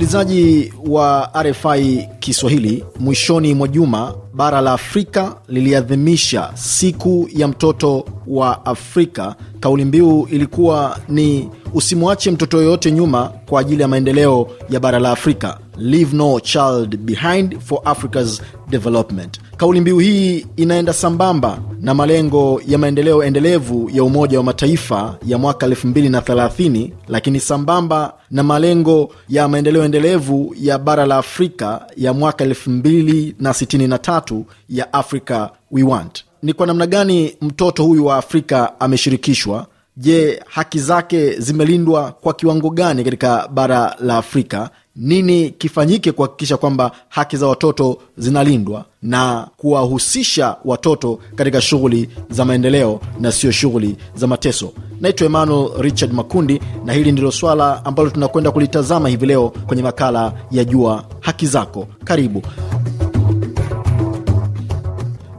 Msikilizaji wa RFI Kiswahili, mwishoni mwa juma bara la Afrika liliadhimisha siku ya mtoto wa Afrika. Kauli mbiu ilikuwa ni usimwache mtoto yoyote nyuma kwa ajili ya maendeleo ya bara la Afrika. Leave No Child Behind for Africa's Development. Kauli mbiu hii inaenda sambamba na malengo ya maendeleo endelevu ya Umoja wa Mataifa ya mwaka 230 lakini sambamba na malengo ya maendeleo endelevu ya bara la Afrika ya mwaka 263 ya Africa We Want. Ni kwa namna gani mtoto huyu wa Afrika ameshirikishwa? Je, haki zake zimelindwa kwa kiwango gani katika bara la Afrika? nini kifanyike kuhakikisha kwamba haki za watoto zinalindwa na kuwahusisha watoto katika shughuli za maendeleo na sio shughuli za mateso. Naitwa Emmanuel Richard Makundi, na hili ndilo swala ambalo tunakwenda kulitazama hivi leo kwenye makala ya Jua Haki Zako. Karibu.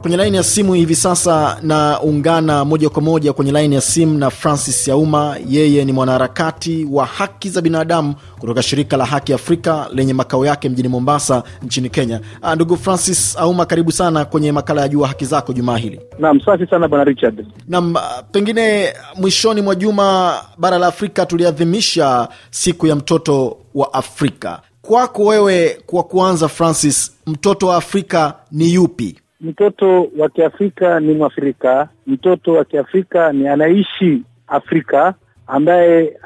Kwenye laini ya simu hivi sasa naungana moja kwa moja kwenye laini ya simu na Francis Yauma. Yeye ni mwanaharakati wa haki za binadamu kutoka shirika la Haki Afrika lenye makao yake mjini Mombasa nchini Kenya. Ah, ndugu Francis Auma, karibu sana kwenye makala ya Jua Haki Zako jumaa hili. Naam, safi sana bwana Richard. Naam, ah, pengine mwishoni mwa juma bara la Afrika tuliadhimisha siku ya mtoto wa Afrika. Kwako wewe, kwa kuanza, Francis, mtoto wa Afrika ni yupi? mtoto wa Kiafrika ni Mwafrika, mtoto wa Kiafrika ni anaishi Afrika ambaye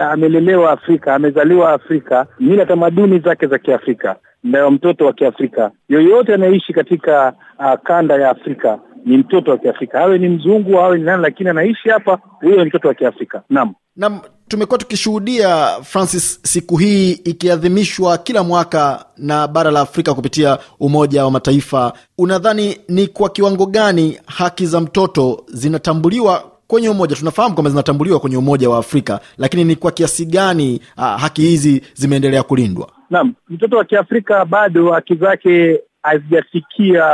amelelewa Afrika, amezaliwa Afrika, mila tamaduni zake za Kiafrika, ndio mtoto wa Kiafrika. Yoyote anaishi katika uh, kanda ya Afrika ni mtoto wa Kiafrika, awe ni mzungu awe ni nani, lakini anaishi hapa, huyo ni mtoto wa Kiafrika. Naam. Naam, tumekuwa tukishuhudia Francis, siku hii ikiadhimishwa kila mwaka na bara la Afrika kupitia Umoja wa Mataifa. Unadhani ni kwa kiwango gani haki za mtoto zinatambuliwa kwenye umoja? Tunafahamu kwamba zinatambuliwa kwenye Umoja wa Afrika, lakini ni kwa kiasi gani ah, haki hizi zimeendelea kulindwa? Naam, mtoto wa Kiafrika bado haki zake hazijafikia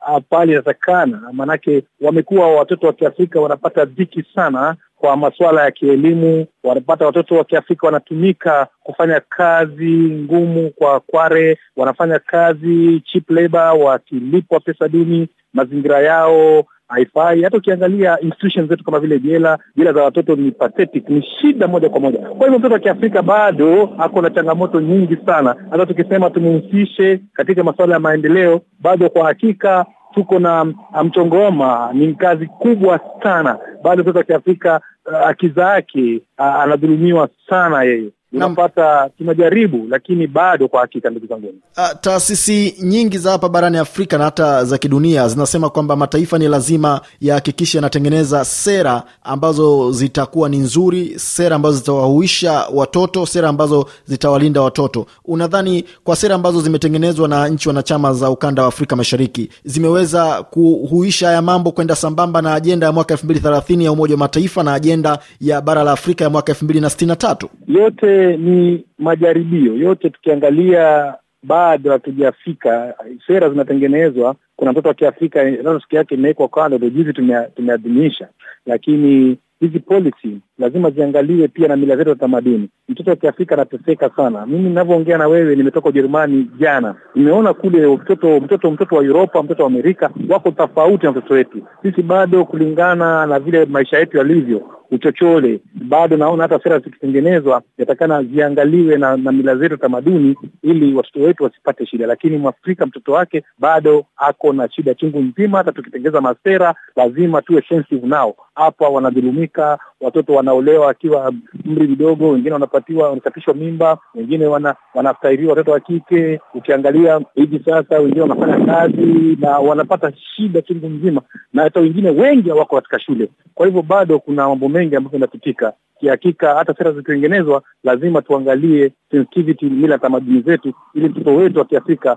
ah, pale inatakana, maanake wamekuwa watoto wa Kiafrika wanapata dhiki sana kwa masuala ya kielimu, wanapata watoto wa Kiafrika wanatumika kufanya kazi ngumu kwa kware, wanafanya kazi cheap labor, wakilipwa pesa duni, mazingira yao haifai. Hata ukiangalia institutions zetu kama vile jela, jela za watoto ni pathetic, ni shida moja kwa moja. Kwa hivyo mtoto wa Kiafrika bado ako na changamoto nyingi sana. Hata tukisema tumhusishe katika masuala ya maendeleo, bado kwa hakika tuko na ah, mchongoma, ni kazi kubwa sana bado. Sasa kiafrika uh, ah, haki zake ah, anadhulumiwa sana yeye tunapata tunajaribu, lakini bado kwa hakika, ndugu zangu, ah, taasisi nyingi za hapa barani Afrika na hata za kidunia zinasema kwamba mataifa ni lazima yahakikishe yanatengeneza sera ambazo zitakuwa ni nzuri, sera ambazo zitawahuisha watoto, sera ambazo zitawalinda watoto. Unadhani kwa sera ambazo zimetengenezwa na nchi wanachama za ukanda wa Afrika Mashariki zimeweza kuhuisha haya mambo kwenda sambamba na ajenda ya mwaka elfu mbili thelathini ya Umoja wa Mataifa na ajenda ya bara la Afrika ya mwaka elfu mbili na sitini na tatu yote ni majaribio, yote tukiangalia bado hatujafika. Sera zinatengenezwa, kuna mtoto wa Kiafrika siku yake imewekwa kando, ndo juzi tumeadhimisha, lakini hizi policy lazima ziangaliwe pia na mila zetu za tamaduni. Mtoto wa Kiafrika anateseka sana. Mimi ninavyoongea na wewe, nimetoka Ujerumani jana, nimeona kule mtoto mtoto mtoto wa Uropa, mtoto wa Amerika wako tofauti na mtoto wetu sisi. Bado kulingana na vile maisha yetu yalivyo, uchochole bado naona, hata sera zikitengenezwa yatakana ziangaliwe na, na mila zetu tamaduni, ili watoto wetu wasipate shida. Lakini Mwafrika mtoto wake bado ako na shida chungu nzima. Hata tukitengeneza masera lazima tuwe sensitive nao, hapa wanadhulumia wanalalamika, watoto wanaolewa wakiwa umri mdogo, wengine wanapatiwa wanasafishwa mimba, wengine wana, wanastahiriwa watoto wa kike. Ukiangalia hivi sasa, wengine wanafanya kazi na wanapata shida chungu mzima, na hata wengine wengi hawako katika shule. Kwa hivyo bado kuna mambo mengi ambayo inapitika. Kihakika hata sera zikitengenezwa, lazima tuangalie sensitivity, mila tamaduni zetu, ili mtoto wetu wa Kiafrika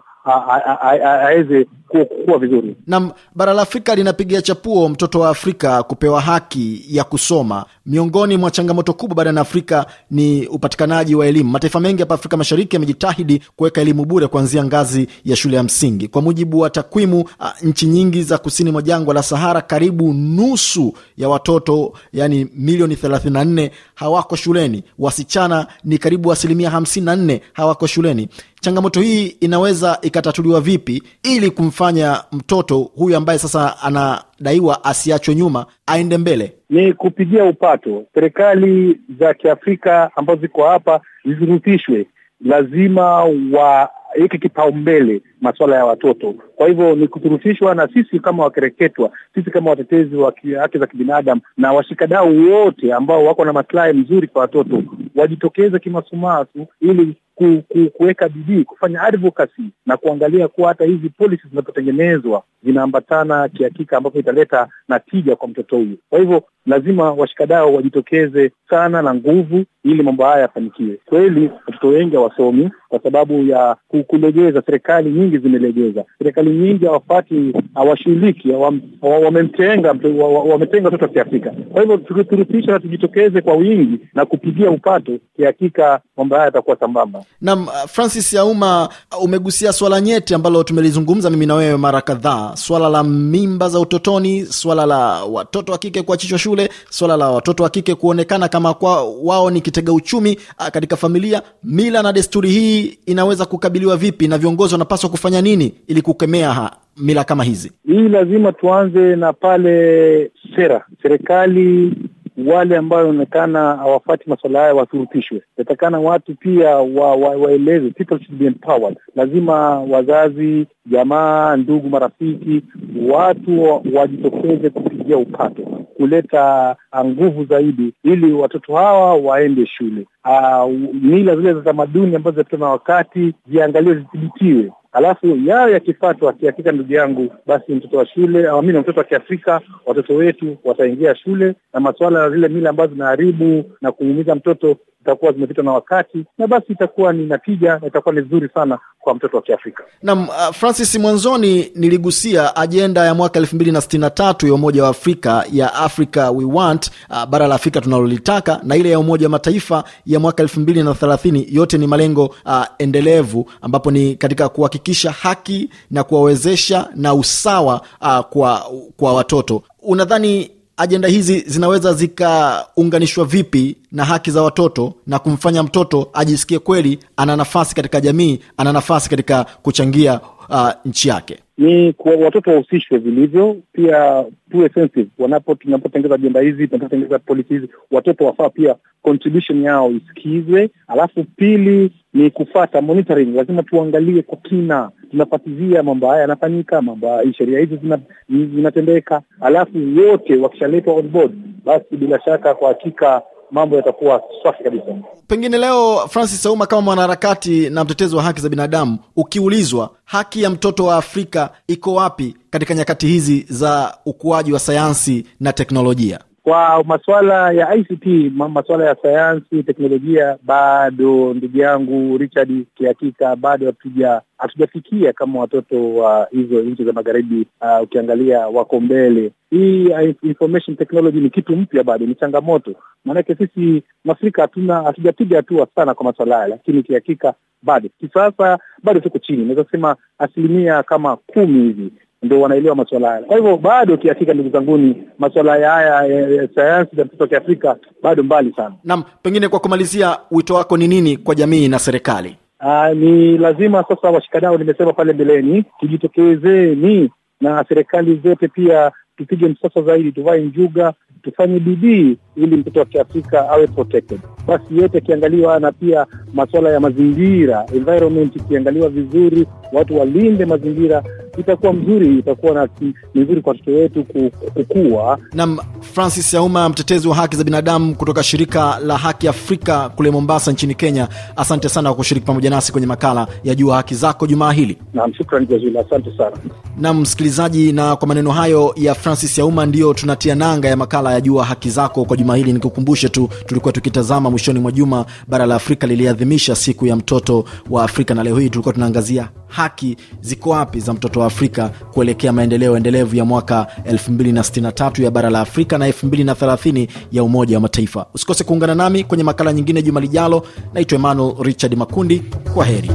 aweze kuwa vizuri. nam bara la Afrika linapiga chapuo mtoto wa Afrika kupewa haki ya kusoma. Miongoni mwa changamoto kubwa barani Afrika ni upatikanaji wa elimu. Mataifa mengi hapa Afrika Mashariki yamejitahidi kuweka elimu bure kuanzia ngazi ya shule ya msingi. Kwa mujibu wa takwimu, nchi nyingi za kusini mwa jangwa la Sahara, karibu nusu ya watoto, yani milioni 34 hawako shuleni, wasichana ni karibu asilimia 54 hawako shuleni. Changamoto hii inaweza ikatatuliwa vipi ili kumfanya mtoto huyu ambaye sasa anadaiwa asiachwe nyuma aende mbele? Ni kupigia upato. Serikali za Kiafrika ambazo ziko hapa zizurutishwe, lazima waweke kipaumbele masuala ya watoto. Kwa hivyo ni kuturufishwa na sisi kama wakereketwa, sisi kama watetezi wa haki za kibinadamu na washikadau wote ambao wako na maslahi mzuri kwa watoto wajitokeze kimasumasu ili kuweka bidii kufanya advocacy na kuangalia kuwa hata hizi policy zinazotengenezwa zinaambatana kihakika, ambapo italeta na tija kwa mtoto huyu. Kwa hivyo lazima washikadao wajitokeze sana na nguvu, ili mambo haya yafanikiwe. Kweli watoto wengi hawasomi kwa sababu ya kulegeza serikali nyingi zimelegeza. Serikali nyingi hawafati, hawashiriki, wamemtenga, wametenga watoto wa Kiafrika. Kwa hivyo tukiruthisha na tujitokeze kwa wingi na kupigia upato, kihakika mambo haya yatakuwa sambamba. Naam, uh, Francis Yauma, uh, umegusia swala nyeti ambalo tumelizungumza mimi na wewe mara kadhaa, swala la mimba za utotoni, swala la watoto wa kike kuachishwa shule, swala la watoto wa kike kuonekana kama kwa wao ni kitega uchumi uh, katika familia. Mila na desturi hii inaweza kukabiliwa vipi na viongozi wanapaswa kufanya nini ili kukemea ha mila kama hizi? Hii lazima tuanze na pale sera, serikali wale ambao wanaonekana hawafati masuala haya wathurutishwe. Inatakana watu pia waeleze wa, wa people should be empowered. Lazima wazazi, jamaa, ndugu, marafiki, watu wajitokeze kupigia upato, kuleta nguvu zaidi, ili watoto hawa waende shule. Ah, mila zile za tamaduni ambazo zinapitwa na wakati ziangaliwe, zithibitiwe Alafu yao yakifatwa kihakika, ndugu yangu, basi mtoto wa shule na mtoto wa Kiafrika, watoto wetu wataingia shule, na masuala ya zile mila ambazo zinaharibu na kuumiza mtoto zitakuwa zimepita na wakati, na basi itakuwa ni natija na itakuwa ni vizuri sana kwa mtoto wa Kiafrika. Naam, uh, Francis, mwanzoni niligusia ajenda ya mwaka elfu mbili na sitini na tatu ya Umoja wa Afrika ya Africa We Want, uh, bara la Afrika tunalolitaka, na ile ya Umoja wa Mataifa ya mwaka elfu mbili na thelathini yote ni malengo uh, endelevu ambapo ni katika kuhakikisha haki na kuwawezesha na usawa uh, kwa, kwa watoto. Unadhani ajenda hizi zinaweza zikaunganishwa vipi na haki za watoto na kumfanya mtoto ajisikie kweli ana nafasi katika jamii, ana nafasi katika kuchangia uh, nchi yake? ni kwa watoto wahusishwe vilivyo, pia tuwe sensitive wanapo, tunapotengeza ajenda hizi, tunapotengeza policy hizi, watoto wafaa pia contribution yao isikizwe. Alafu pili ni kufata monitoring, lazima tuangalie kwa kina, tunafatizia mambo haya yanafanyika, mambo sheria hizi zinatendeka, alafu wote wakishaletwa on board, basi bila shaka kwa hakika mambo yatakuwa safi kabisa. Pengine leo, Francis Auma, kama mwanaharakati na mtetezi wa haki za binadamu, ukiulizwa haki ya mtoto wa Afrika iko wapi katika nyakati hizi za ukuaji wa sayansi na teknolojia, kwa masuala ya ICT, masuala ya sayansi, teknolojia, bado ndugu yangu Richard, kihakika bado hatujafikia kama watoto wa uh, hizo nchi za magharibi uh, ukiangalia wako mbele. Hii uh, information technology ni kitu mpya, bado ni changamoto, maanake sisi Mwafrika hatuna hatujapiga hatua sana kwa masuala haya, lakini kihakika bado kisasa, bado tuko chini, naweza sema asilimia kama kumi hivi ndio wanaelewa masuala haya. Kwa hivyo bado kiafrika, ndugu zanguni, masuala haya ya sayansi za mtoto wa kiafrika bado mbali sana. Naam, pengine kwa kumalizia, wito wako ni nini kwa jamii na serikali? Aa, ah, ni lazima sasa washikadau, nimesema pale mbeleni, tujitokezeni na serikali zote pia tupige msasa zaidi, tuvae njuga, tufanye bidii ili mtoto wa kiafrika awe protected. Basi yote akiangaliwa, na pia masuala ya mazingira, environment ikiangaliwa vizuri, watu walinde mazingira itakuwa mzuri, itakuwa na mzuri kwa watoto wetu kukua. Nam Francis Yauma, mtetezi wa haki za binadamu kutoka shirika la Haki Afrika kule Mombasa nchini Kenya, asante sana kwa kushiriki pamoja nasi kwenye makala ya Jua Haki Zako jumaa hili. Nam shukran jazila, asante sana. Nam msikilizaji, na kwa maneno hayo ya Francis Yauma ndiyo tunatia nanga ya makala ya Jua Haki Zako kwa jumaa hili. Nikukumbushe tu tulikuwa tukitazama mwishoni mwa juma bara la Afrika liliadhimisha siku ya mtoto wa Afrika, na leo hii tulikuwa tunaangazia haki ziko wapi za mtoto wa Afrika kuelekea maendeleo endelevu ya mwaka 2063 ya bara la Afrika na 2030 ya Umoja wa Mataifa. Usikose kuungana nami kwenye makala nyingine juma lijalo. Naitwa Emmanuel Richard Makundi, kwa heri.